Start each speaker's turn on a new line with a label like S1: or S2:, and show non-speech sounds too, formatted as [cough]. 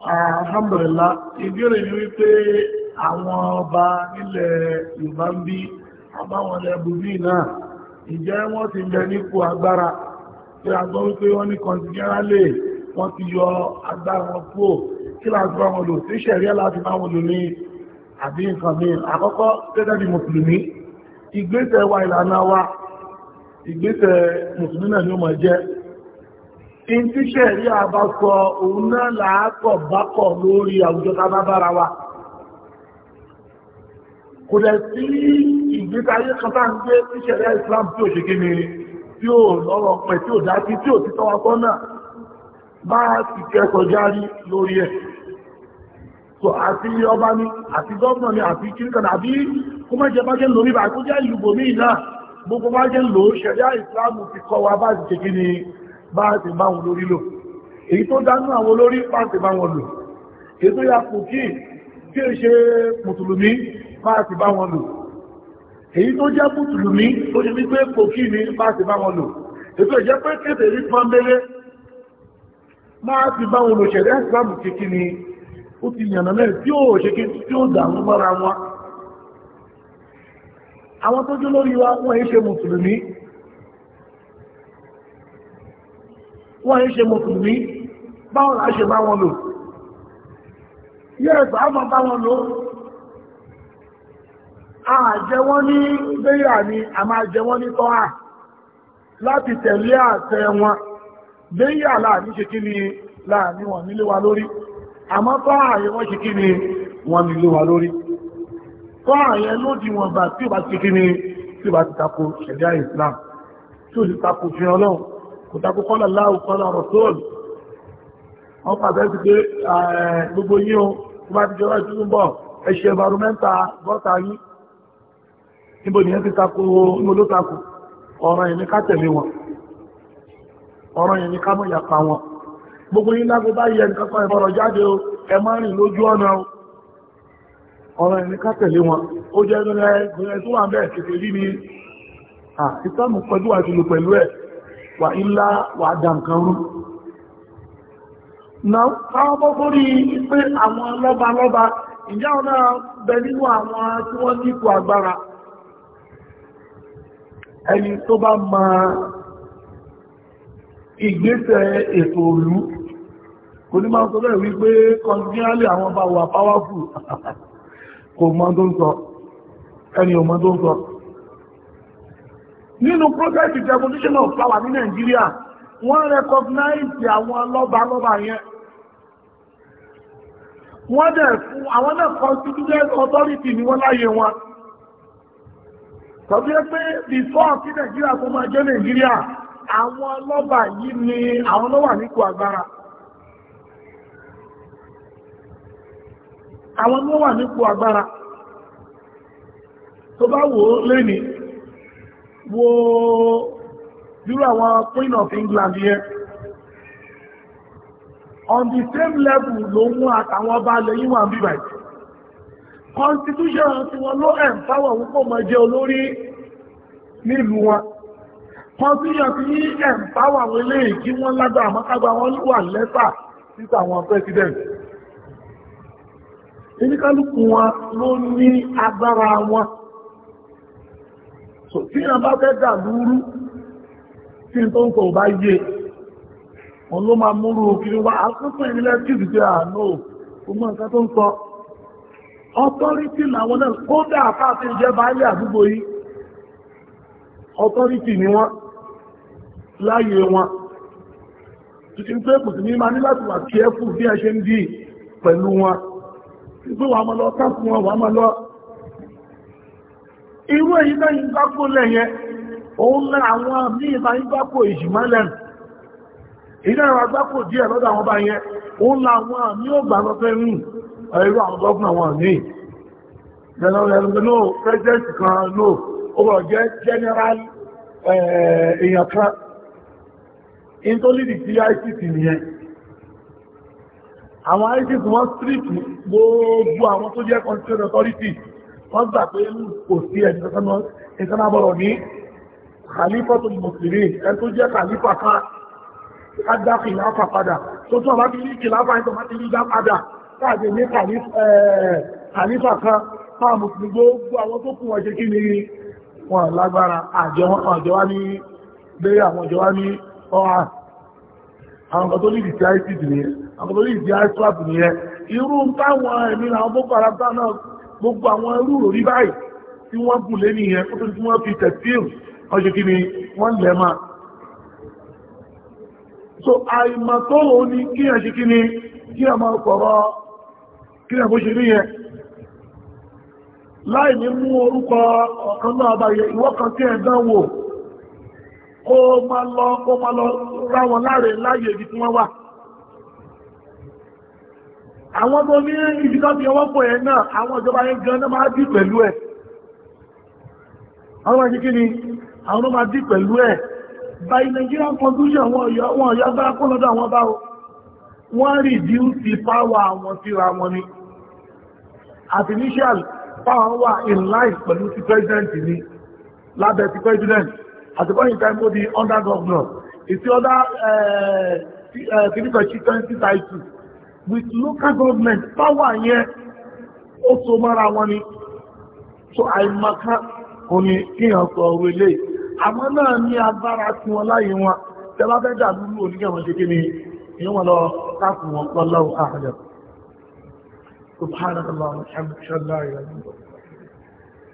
S1: alhamdulillah ìbéèrè ni wípé àwọn ọba nílẹ̀ Yorùbá ń bí àbáwọn ẹbùbí náà ìjẹ́ wọ́n ti jẹ nípò agbára tí a gbọ́ wípé wọ́n ní kọntìgẹ́rálẹ̀ wọ́n ti yọ agbára wọn kúrò kí láti bá wọn lò sí ṣẹ̀ríà láti bá wọn lò ní àbí nǹkan mi àkọ́kọ́ gẹ́gẹ́ bí mùsùlùmí ìgbésẹ̀ wa ìlànà wa ìgbésẹ̀ mùsùlùmí náà in tí ṣẹ̀rí àbákọ òun náà làákọ̀ bákọ̀ lórí àwùjọ tá bá bára wa kò lẹ̀ sí ìgbésí ayé kan tá ń gbé tí ṣẹ̀rí Islam tí ò ṣe kí ni tí ò lọ́rọ̀ pẹ̀ tí ò dá sí tí ò ti tọ́wọ́ sọ́nà bá ti kẹ́kọ̀ọ́ járí lórí ẹ̀ so àti ọba ni àti gọ́ọ̀nà ni àti kíríkan àbí kó má jẹ bá jẹ́ lórí bá kó jẹ́ ìlú bòmí náà gbogbo bá jẹ́ lò ṣẹ̀rí Islam ti kọ́ wa bá ti ṣe kí ni bá ti bá wọn lórí lò èyí tó dánú àwọn olórí bá ti bá wọn lò èyí tó ya kò kí tí ó ṣe mùtùlùmí bá bá wọn lò èyí tó jẹ́ mùtùlùmí tó ṣe wípé kò kí ni bá ti bá wọn lò èyí tó jẹ́ pé kéde rí pọ́nbélé máa ti bá wọn lò ṣẹ̀dá ìsìlámù kékí ni ó ti yànnà mẹ́rin tí ó ṣe kí tí ó dààmú mọ́ra wọn àwọn tó jó lórí wa wọ́n yí ṣe mùtùlùmí wọ́n ń ṣe mùsùlùmí báwọn là ṣe bá wọn lò yẹ́ẹ̀sì àmọ́ bá wọn lò àjẹ wọ́n ní bẹ́yà ni a máa jẹ wọ́n ní tọ́hà láti tẹ̀lé àtẹ wọn bẹ́yà láàní ṣe kí ni láàní wọn nílé wa lórí àmọ́ tọ́hà yẹ wọ́n ṣe kí ni wọn nílé wa lórí tọ́hà yẹ lódì wọn bá tí ó bá ti kí ni tí ó bá ti tako ṣẹ̀dá Islam tí ó ti tako fi ọlọ́run kò takò kọ́lá láwù kọ́lá ọ̀rọ̀ tóòlù wọ́n pàtẹ́ sí pé gbogbo yí o tó bá ti jọra ìtúrú bọ̀ ẹ̀ṣẹ̀ environmental gọ́ta yí níbo nìyẹn ti takò níbo ló takò ọ̀rọ̀ yìí ní ká tẹ̀lé wọn ọ̀rọ̀ yìí ní ká mọ̀ yàpá wọn gbogbo yí lágbo bá yẹ nǹkan kan ìbọ̀rọ̀ jáde o ẹ má rìn lójú ọ̀nà o ọ̀rọ̀ yìí ní ká tẹ̀lé wọn ó jẹ́ ẹgbẹ̀rẹ̀ tó wà ń bẹ̀ kèfèrí ni ìtọ́nù pẹ̀lú àti lò pẹ̀lú ẹ̀ wà ilá wà dànkan na káwọn bọ́ sórí pé àwọn lọ́ba lọ́ba ìjà wọn náà bẹ nínú àwọn tí wọ́n ní ipò agbára ẹni tó bá ma ìgbésẹ̀ ètò òlú kò ní máa ń sọ bẹ́ẹ̀ wípé kọjúgínálì àwọn bá wà powerful [laughs] kò mọ́ tó ń sọ ẹni ò mọ́ tó ń sọ nínú process devolution of power ní Nigeria. wọ́n recognize àwọn lọ́balọ́ba yẹn wọ́n dẹ̀ fún àwọn náà constituted authority ni wọ́n láyé wọn tọ́bí pé before kí Nàìjíríà tó máa jẹ́ Nàìjíríà àwọn lọ́ba yìí ni àwọn lọ́wà nípò agbára àwọn lọ́wà nípò agbára tó bá wò ó lénìí wo dúró àwọn Queen of England yẹn on the same level ló mú àtàwọn ọba alẹ́ yín wà ń bíbà yìí constitution tí wọ́n ló empower wọn kó máa jẹ olórí nílùú wọn constitution tí yí empower wọn lè kí wọ́n lágbà àmọ́kágbà wọn wà lẹ́fà títà àwọn president oníkálùkù wọn ló ní agbára wọn tí wọ́n bá fẹ́ dà lúrú tí tó ń kọ̀ bá yé wọn ló máa múrú kiri wá àkókò ìrìnlẹ̀ kìrì jẹ́ àánú o mọ́ nǹkan tó ń sọ ọtọ́rítì làwọn náà kódà àpáàtì ìjẹ́ báyé àdúgbò yìí ọtọ́rítì ni wọ́n láyé wọn tuntun pé kò sí ní máa ní láti wà kí ẹ fún bí ẹ ṣe ń dì pẹ̀lú wọn tí pé máa lọ ká wọn wàá máa lọ irú èyí náà yìí gbápò lẹ́yẹ òun náà àwọn àmì ìmá yìí gbápò ìjìmá lẹ́nu ìdá àwọn agbápò díẹ̀ lọ́dọ̀ àwọn bá yẹ òun náà àwọn àmì ò gbà lọ rìn ẹ̀rọ àwọn gọ́ọ̀nà eh, eh, àwọn àmì àwọn ICC wọ́n strip gbogbo àwọn tó jẹ́ constitutional authority wọ́n gbà pé kò sí ẹni kankan bọ̀rọ̀ ní khalifa tó mùsùlùmí ẹni tó jẹ́ khalifa ká dá kìláfà padà tó tún àbá ti rí kìláfà ẹni tó bá ti rí dá padà káàdé ní khalifa ká fáà mùsùlùmí gbogbo àwọn tó kún ọjẹ́ kí ni wọn lágbára àjọwá ní bẹ́rẹ̀ àwọn àjọwá ní ọ̀hà àwọn kan tó ní ìdí àìsí nìyẹn àwọn kan tó ní ìdí àìsí nìyẹn irú táwọn ẹ̀mí àwọn boko haram náà gbogbo àwọn irú òrí báyìí tí wọ́n gùn lé nìyẹn kó tó tí wọ́n fi tẹ̀síìl wọ́n ṣe kí ni wọ́n lẹ̀ máa so àìmọ̀ tó ò ní kí ẹ̀ ṣe kí ni kí ẹ̀ máa sọ̀rọ̀ kí ẹ̀ bó ṣe rí yẹn láì ní mú orúkọ ọ̀kan náà báyẹ ìwọ́kan tí ẹ̀ dánwò kó máa lọ ráwọn láre láyé ibi tí wọ́n wà àwọn tó ní ìdíkọ́ ti ọwọ́ pọ̀ ẹ̀ náà àwọn ìjọba yẹn gan náà máa dì pẹ̀lú ẹ̀ àwọn ìjíkí ni àwọn máa dì pẹ̀lú ẹ̀ by Nigerian constitution wọn ọ̀yọ́ agbára kó lọ́dọ̀ àwọn báwo wọ́n reduce power àwọn síra wọn ni at initial power wà in line pẹ̀lú ti president ni lábẹ́ ti president at the point in time ó di under governor ìsí under kìdíkọ̀ chief with local government power yẹn ó so mọ́ra wọn ni so àìmọ̀ká kò ní kíyàn sọ orí ilé àmọ́ náà ní agbára tí wọ́n láyé wọn tẹ́lá fẹ́ dàbí lú oníkẹ̀wọ̀n ṣe kí ni ìwọ̀n lọ káàkùn wọn pọ̀ lọ́wọ́ ààrẹ